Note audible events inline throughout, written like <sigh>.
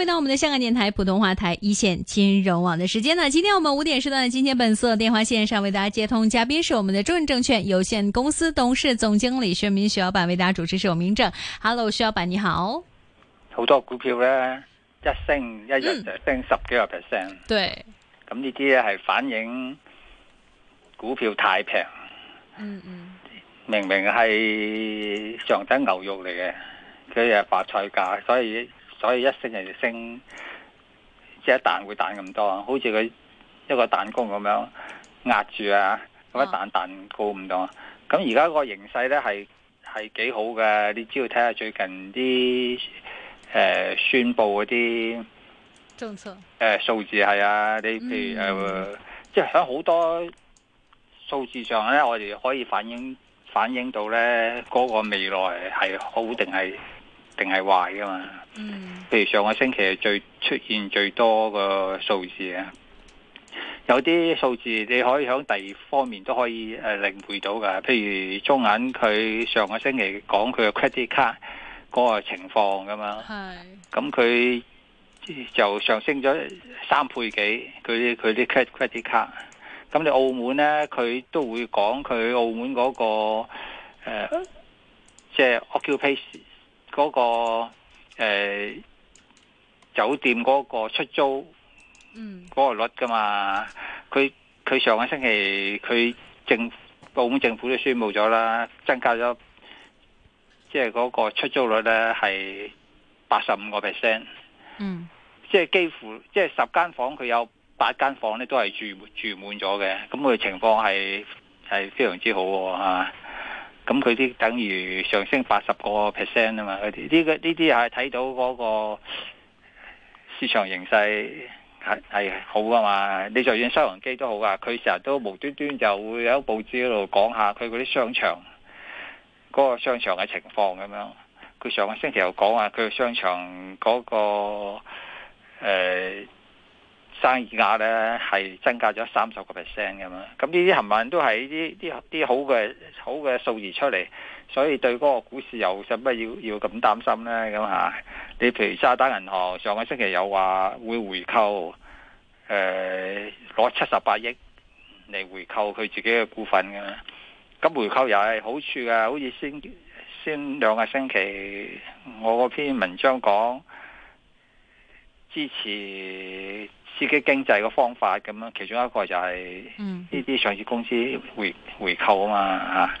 回到我們的香港電台普通話台一線金融網的時間，呢，今天我們五點時段金錢本色電話線上為大家接通，嘉賓是我們的中銀證券有限公司董事總經理徐潤民徐老闆，為大家主持是我明正。Hello，徐老闆你好。好多股票咧，一升一日就升十幾個 percent。嗯、對。咁呢啲咧係反映股票太平、嗯。嗯嗯。明明係上等牛肉嚟嘅，佢係白菜價，所以。所以一升人就升，即係彈會彈咁多，好似佢一個彈弓咁樣壓住啊，咁一彈彈高咁多。咁而家個形勢咧係係幾好嘅，你知道睇下最近啲誒、呃、宣布嗰啲政誒數字係啊，你譬如誒，即係喺好多數字上咧，我哋可以反映反映到咧嗰、那個未來係好定係。定係壞噶嘛？嗯，譬如上個星期係最出現最多個數字啊，有啲數字你可以響第二方面都可以誒領、呃、會到噶。譬如中銀佢上個星期講佢嘅 credit card 嗰個情況噶嘛，係咁佢就上升咗三倍幾。佢佢啲 credit card 咁你澳門咧，佢都會講佢澳門嗰、那個誒，即、呃、係、就是、occupancy 嗰、那個誒、呃、酒店嗰個出租，嗯，個率㗎嘛？佢佢、mm. 上個星期佢政澳門政府都宣布咗啦，增加咗，即係嗰個出租率咧係八十五個 percent，嗯，即係幾乎即係十間房佢有八間房咧都係住住滿咗嘅，咁佢情況係係非常之好啊！咁佢啲等於上升八十個 percent 啊嘛，佢啲呢個呢啲係睇到嗰個市場形勢係係好啊嘛，你就算收銀機都好啊，佢成日都無端端就會有報紙喺度講下佢嗰啲商場嗰個商場嘅情況咁樣，佢上個星期又講啊，佢商場嗰個誒。呃生意額咧係增加咗三十個 percent 咁樣，咁呢啲冚唪唥都係啲啲啲好嘅好嘅數字出嚟，所以對嗰個股市又使乜要要咁擔心咧？咁吓、啊，你譬如渣打銀行上個星期有話會回購，誒攞七十八億嚟回購佢自己嘅股份嘛。咁回購又係好處嘅，好似先先兩個星期我嗰篇文章講支持。刺激經濟嘅方法咁樣，其中一個就係呢啲上市公司回回購啊嘛，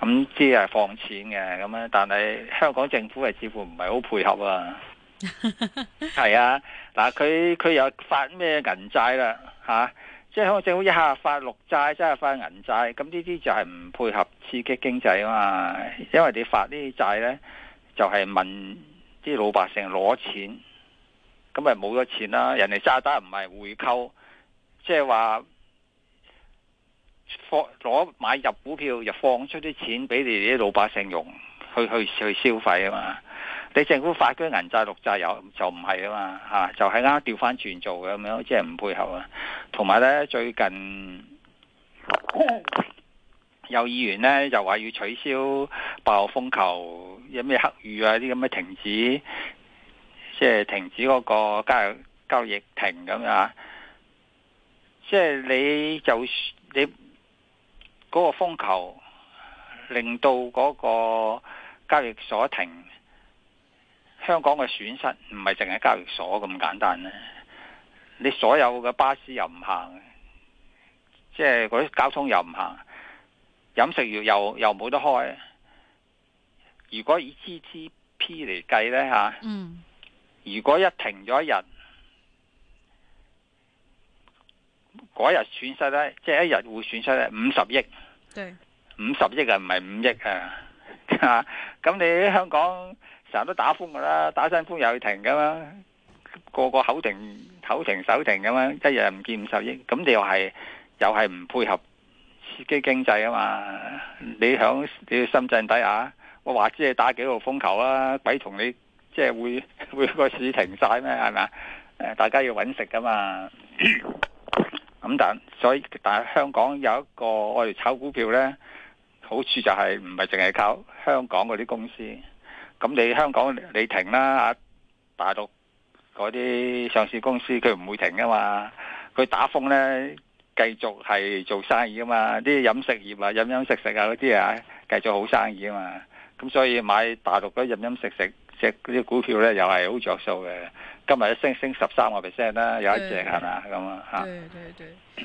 吓，咁即係放錢嘅咁樣，但係香港政府係似乎唔係好配合啊。係 <laughs> 啊，嗱、啊，佢佢又發咩銀債啦，吓、啊，即係香港政府一下發綠債，即係發銀債，咁呢啲就係唔配合刺激經濟啊嘛，因為你發呢啲債呢，就係、是、問啲老百姓攞錢。咁咪冇咗錢啦！人哋揸單唔係回購，即係話放攞買入股票又放出啲錢俾你哋啲老百姓用去去去消費啊嘛！你政府發居銀債綠債又就唔係啊嘛嚇，就係啱、啊就是啊、調翻轉做嘅咁樣，即係唔配合啊！同埋咧最近有議員咧就話要取消暴風球有咩黑雨啊啲咁嘅停止。即係停止嗰個交易，交易停咁啊！即係你就你嗰個風球令到嗰個交易所停，香港嘅損失唔係淨係交易所咁簡單呢，你所有嘅巴士又唔行，即係嗰啲交通又唔行，飲食業又又冇得開。如果以 GDP 嚟計呢，吓、嗯，如果一停咗一日，嗰日損失咧，即、就、係、是、一日會損失咧五十億，五十對億啊，唔係五億啊，吓 <laughs> 咁你喺香港成日都打風噶啦，打陣風又要停噶嘛，個個口停口停手停咁樣，一日唔見五十億，咁你又係又係唔配合刺激經濟啊嘛？你響你深圳底下，我話知你打幾號風球啦，鬼同你？即係會會個市停晒咩？係咪？誒，大家要揾食噶嘛？咁 <coughs> 但所以但香港有一個我哋炒股票呢，好處就係唔係淨係靠香港嗰啲公司。咁你香港你停啦，大陸嗰啲上市公司佢唔會停噶嘛？佢打風呢，繼續係做生意吖嘛？啲飲食業啊、飲飲食食啊嗰啲啊，繼續好生意吖嘛？咁所以買大陸嗰啲飲飲食食。只啲股票咧又係好着數嘅，今日一升升十三個 percent 啦，有一隻係嘛？咁啊嚇。對對對。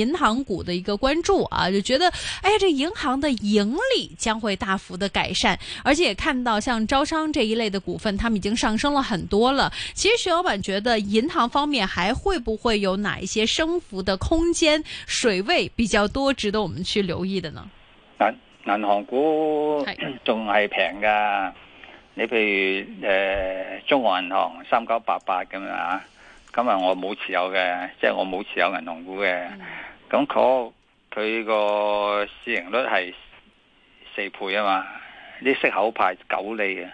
銀行股的一個關注啊，就覺得，哎呀，這銀行的盈利將會大幅的改善，而且也看到像招商這一類的股份，他們已經上升了很多了。其實徐老闆覺得，銀行方面還會不會有哪一些升幅的空間？水位比較多，值得我們去留意的呢？銀銀行股仲係平噶，你譬如誒，中國銀行三九八八咁啊，今日我冇持有嘅，即係我冇持有銀行股嘅。嗯咁佢佢個市盈率係四倍啊嘛，啲息口派九厘啊！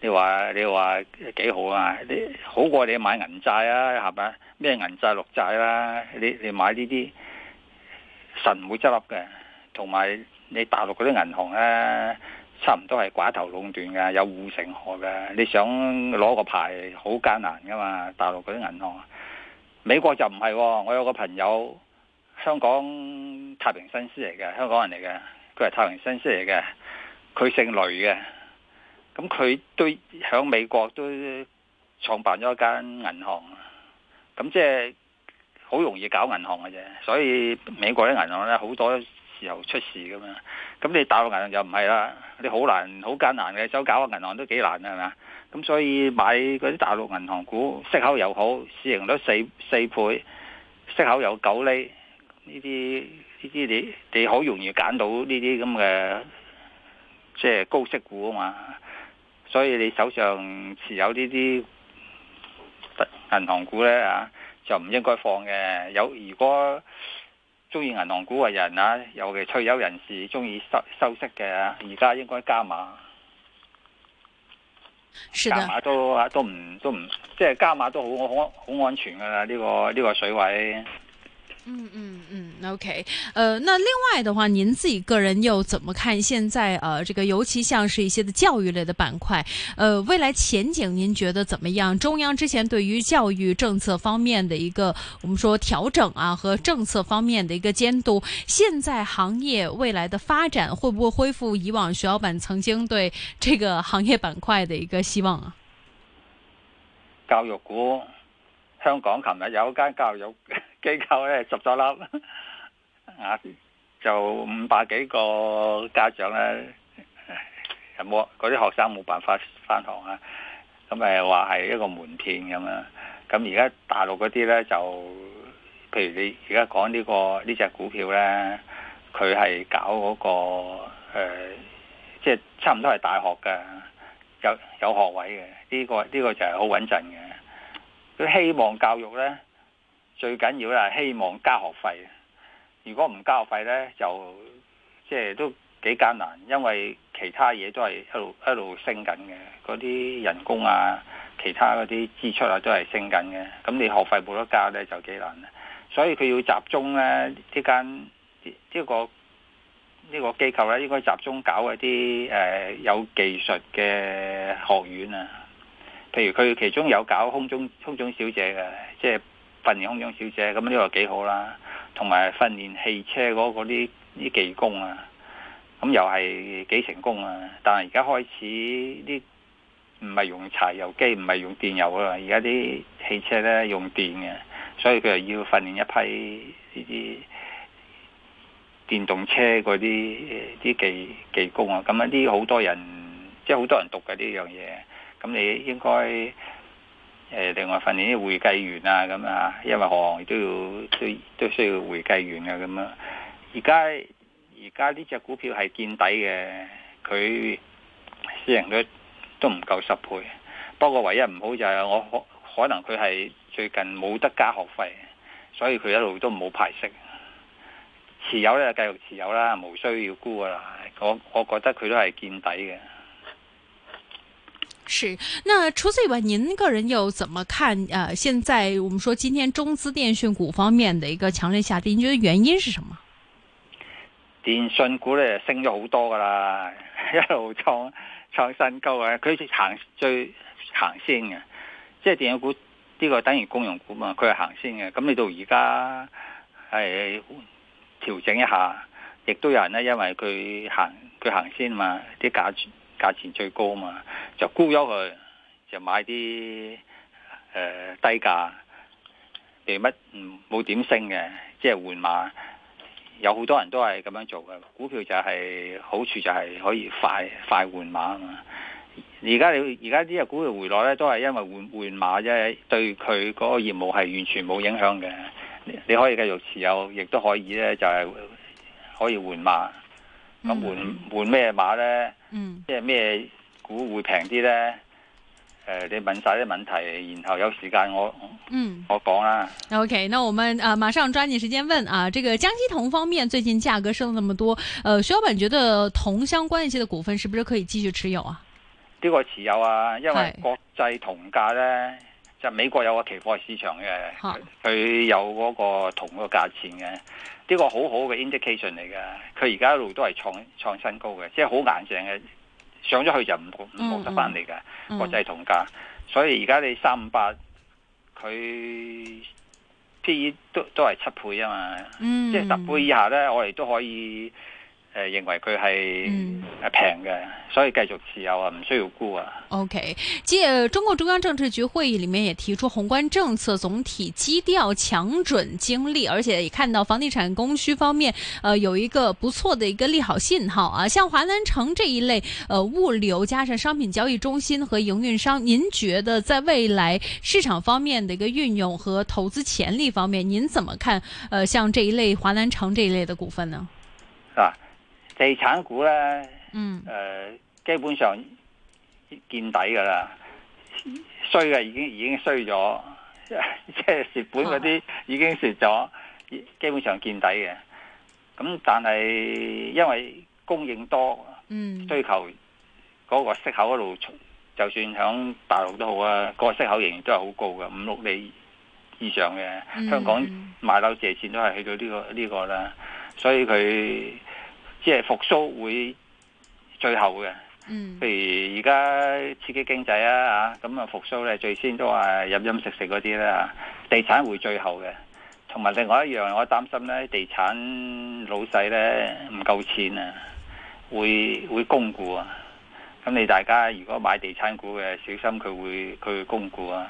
你話你話幾好啊？你好過你買銀債啊，係咪咩銀債綠債啦？你你買呢啲神會執笠嘅，同埋你大陸嗰啲銀行咧、啊，差唔多係寡頭壟斷噶，有護城河噶。你想攞個牌好艱難噶嘛？大陸嗰啲銀行，美國就唔係、哦，我有個朋友。香港太平紳士嚟嘅，香港人嚟嘅，佢係太平紳士嚟嘅，佢姓雷嘅。咁佢都喺美國都創辦咗一間銀行，咁即係好容易搞銀行嘅啫。所以美國啲銀行咧好多時候出事㗎嘛。咁你大陸銀行就唔係啦，你好難好艱難嘅，想搞個銀行都幾難啊，係嘛？咁所以買嗰啲大陸銀行股，息口又好，市盈率四四倍，息口有九厘。呢啲呢啲你你好容易揀到呢啲咁嘅即係高息股啊嘛，所以你手上持有呢啲銀行股呢，啊，就唔應該放嘅。有如果中意銀行股嘅人啊，尤其退休人士中意收收息嘅，而家應該加碼。加碼就是加碼都都唔都唔即係加碼都好好好安全噶啦，呢個呢個水位。嗯嗯嗯，OK，呃，那另外的話，您自己個人又怎麼看現在？呃，這個尤其像是一些的教育類的板塊，呃，未來前景您覺得怎麼樣？中央之前對於教育政策方面的一個，我們說調整啊，和政策方面的一個監督，現在行業未來的發展會不會恢復以往？徐老闆曾經對這個行業板塊的一個希望啊？教育股，香港琴日有一間教育，機構咧執咗笠，啊就 <laughs> 五百幾個家長咧， <laughs> 有冇嗰啲學生冇辦法返學啊？咁誒話係一個門騙咁樣，咁而家大陸嗰啲咧就，譬如你而家講呢個呢隻、這個、股票咧，佢係搞嗰、那個即係、呃就是、差唔多係大學嘅，有有學位嘅，呢、這個呢、這個就係好穩陣嘅。佢希望教育咧。最緊要係，希望交學費。如果唔交學費咧，就即係都幾艱難，因為其他嘢都係一路一路升緊嘅，嗰啲人工啊、其他嗰啲支出啊，都係升緊嘅。咁你學費冇得交咧，就幾難。所以佢要集中咧，間這個這個、呢間呢個呢個機構咧，應該集中搞一啲誒、呃、有技術嘅學院啊。譬如佢其中有搞空中空中小姐嘅，即係。訓練空中小姐，咁呢個幾好啦，同埋訓練汽車嗰啲啲技工啊，咁又係幾成功啊！但係而家開始啲唔係用柴油機，唔係用電油啦，而家啲汽車咧用電嘅，所以佢又要訓練一批呢啲電動車嗰啲啲技技工啊！咁啊啲好多人，即係好多人讀嘅呢樣嘢，咁你應該。誒，另外訓練啲會計員啊咁啊，因為行行都要都都需要會計員啊咁啊。而家而家呢隻股票係見底嘅，佢市盈率都唔夠十倍。不過唯一唔好就係我，可可能佢係最近冇得加學費，所以佢一路都冇派息。持有咧就繼續持有啦，無需要沽啦。我我覺得佢都係見底嘅。是，那除此以外，您個人又怎麼看？誒、呃，現在我們說今天中資電訊股方面的一個強烈下跌，你覺得原因是什麼？電訊股咧升咗好多㗎喇，一路創創新高呀，佢行最行先嘅，即係電訊股呢，這個等於公用股嘛，佢係行先嘅，咁你到而家係調整一下，亦都有人呢，因為佢行佢行先嘛，啲價。價錢最高嘛，就沽咗佢，就買啲誒、呃、低價，譬如乜冇點升嘅，即係換馬。有好多人都係咁樣做嘅，股票就係、是、好處就係可以快快換馬啊嘛。而家你而家啲啊股票回落咧，都係因為換換馬啫，對佢嗰個業務係完全冇影響嘅。你可以繼續持有，亦都可以咧就係、是、可以換馬。咁換換咩碼咧？即係咩股會平啲咧？誒、呃，你問晒啲問題，然後有時間我嗯我講啦。O、okay, K，那我們啊、呃，馬上抓緊時間問啊！這個江西銅方面最近價格升咁多，誒、呃，徐老闆覺得銅相關一些的股份是不是可以繼續持有啊？呢個持有啊，因為國際銅價咧是就美國有個期貨市場嘅，佢好有嗰個銅嗰個價錢嘅。呢個好好嘅 indication 嚟嘅，佢而家一路都係創創新高嘅，即係好硬淨嘅，上咗去就唔冇唔冇得翻嚟嘅，嗯嗯嗯或者係同價，所以而家你三五八佢 P 都都係七倍啊嘛，嗯嗯即係十倍以下咧，我哋都可以。誒，認為佢係誒平嘅，嗯、所以繼續持有啊，唔需要沽啊。OK，即係中共中央政治局會議裏面也提出宏觀政策總體基調強準精利，而且也看到房地產供需方面，誒、呃、有一個不錯的一個利好信號啊。像華南城這一類，誒、呃、物流加上商品交易中心和營運商，您覺得在未來市場方面的一個運用和投資潛力方面，您怎麼看？誒、呃，像這一類華南城這一類的股份呢？啊。地產股咧，誒、嗯呃，基本上見底噶啦，嗯、衰嘅已經已經衰咗，即係蝕本嗰啲已經蝕咗，啊、基本上見底嘅。咁但係因為供應多，需、嗯、求嗰個息口嗰度，就算響大陸都好啊，嗰個息口仍然都係好高嘅，五六厘以上嘅。嗯嗯、香港買樓借錢都係去到呢、個呢、個啦，所以佢。即係復蘇會最後嘅，譬如而家刺激經濟啊，吓咁啊復蘇咧最先都係飲飲食食嗰啲啦，地產會最後嘅，同埋另外一樣我擔心咧地產老細咧唔夠錢啊，會會供股啊，咁你大家如果買地產股嘅，小心佢會佢會供股啊，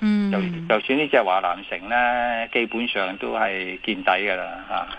嗯，就就算呢隻華南城咧，基本上都係見底噶啦吓。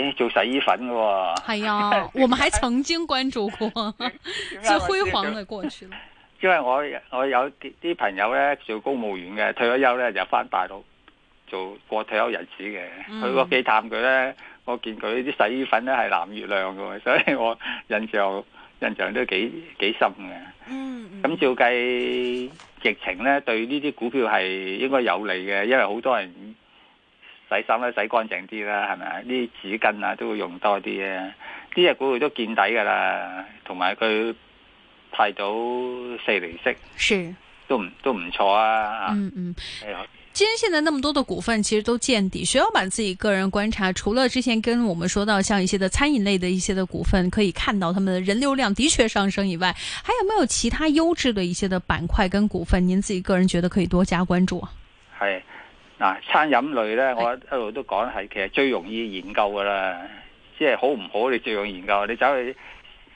咦做洗衣粉嘅喎，係啊，哎、呀 <laughs> 我們還曾經關注過，最輝 <laughs> <laughs> 煌嘅過去。因為我有我有啲朋友咧做公務員嘅，退咗休咧就翻大陸做過退休日子嘅。嗯、去過幾探佢咧，我見佢啲洗衣粉咧係藍月亮嘅，所以我印象印象都幾幾深嘅。嗯，咁照計疫情咧對呢啲股票係應該有利嘅，因為好多人。洗衫咧洗乾淨啲啦，係咪啊？啲紙巾啊都會用多啲嘅、啊，呢隻股都見底噶啦，同埋佢提早四厘息是，都唔都唔錯啊！嗯嗯，你、嗯、好，既然、哎、呦現在那麼多嘅股份其實都見底，徐老闆自己個人觀察，除了之前跟我們說到像一些嘅餐飲類的一些嘅股份，可以看到他們的人流量的確上升以外，還有沒有其他優質的一些嘅板塊跟股份？您自己個人覺得可以多加關注啊？係。嗱、啊，餐飲類呢，我一路都講係其實最容易研究噶啦，即係好唔好你最容易研究。你走去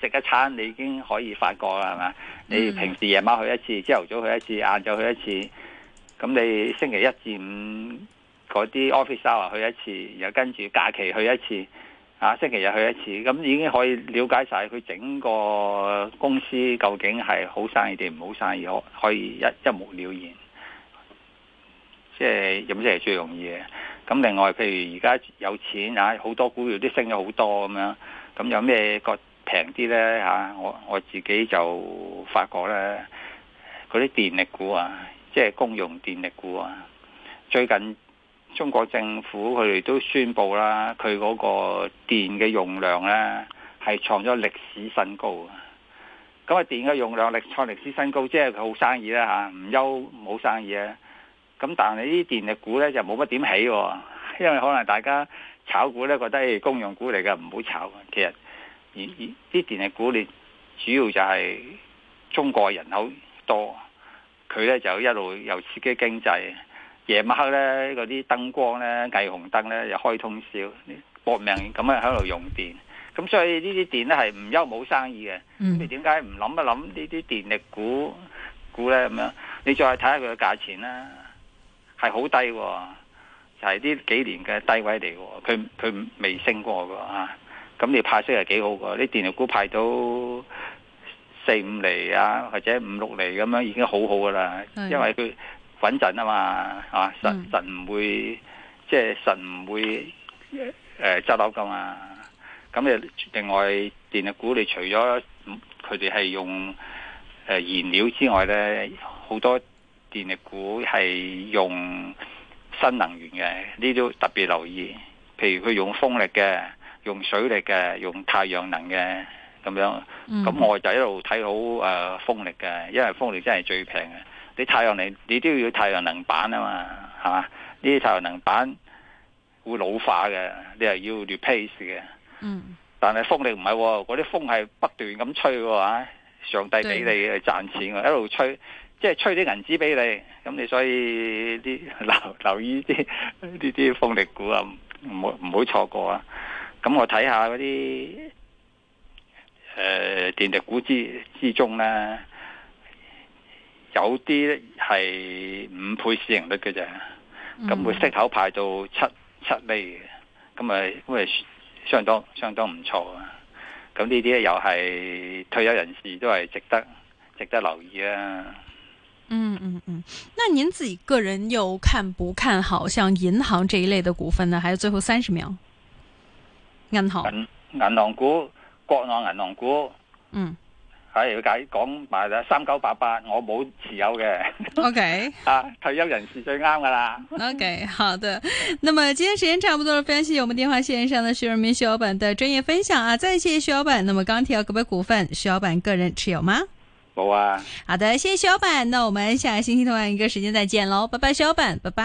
食一餐，你已經可以發覺啦，係嘛？你平時夜晚去一次，朝頭早去一次，晏晝去一次，咁你星期一至五嗰啲 office hour 去一次，然後跟住假期去一次，啊星期日去一次，咁已經可以了解晒佢整個公司究竟係好生意定唔好生意，可可以一一目了然。即係飲食即係最容易嘅。咁另外，譬如而家有錢嚇，好、啊、多股票都升咗好多咁樣。咁有咩個平啲呢？嚇、啊？我我自己就發覺呢，嗰啲電力股啊，即係公用電力股啊。最近中國政府佢哋都宣布啦，佢嗰個電嘅用量呢係創咗歷史新高。啊。咁啊，電嘅用量力創歷史新高，即係佢好生意啦嚇，唔憂冇生意啊。咁但係呢啲電力股咧就冇乜點起、哦，因為可能大家炒股咧覺得係公用股嚟嘅唔好炒。其實而啲電力股你主要就係中國人口多，佢咧就一路又刺激經濟，夜晚黑咧嗰啲燈光咧、霓虹燈咧又開通宵，搏命咁樣喺度用電，咁所以呢啲電咧係唔憂冇生意嘅。你點解唔諗一諗呢啲電力股股咧咁樣？你再睇下佢嘅價錢啦。係好低，就係、是、呢幾年嘅低位嚟嘅，佢佢未升過嘅啊！咁你派息係幾好嘅，啲電力股派到四五厘啊，或者五六厘咁樣，已經好好噶啦，的因為佢穩陣啊嘛，啊神神唔會、嗯、即係神唔會誒執笠噶嘛。咁你，另外電力股你除咗佢哋係用誒、呃、燃料之外咧，好多。電力股係用新能源嘅，呢啲都特別留意。譬如佢用風力嘅，用水力嘅，用太陽能嘅咁樣。咁我就一路睇好誒，呃、風力嘅，因為風力真係最平嘅。你太陽能你都要太陽能板啊嘛，係嘛？呢啲太陽能板會老化嘅，你又要 replace 嘅。嗯。但係風力唔係，哦，嗰啲風係不斷咁吹嘅話，上帝俾你嚟賺錢嘅，對一路吹。即係吹啲銀紙俾你，咁你所以啲留留意啲呢啲電力股啊，唔好唔好錯過啊！咁我睇下嗰啲誒電力股之之中咧、啊，有啲係五倍市盈率嘅啫，咁會息口排到七七厘嘅，咁咪都係相當相當唔錯啊！咁呢啲又係退休人士都係值得值得留意啊！嗯嗯嗯，那您自己個人又看不看好像銀行這一類的股份呢？還有最後三十秒，銀行、銀行股、國內銀行股，嗯，係、哎、要解講埋啦，三九八八我冇持有嘅 <laughs> ，OK，啊退休人士最啱噶啦，OK，好的，那麼今天時間差不多了，非常謝謝我們電話線上的徐潤民徐老闆的專業分享啊，再謝謝徐老闆，那麼剛提到股嘅股份，徐老闆個人持有嗎？好啊，好的，謝謝小板，那我們下個星期同樣一個時間再見嘍，拜拜，小板，拜拜。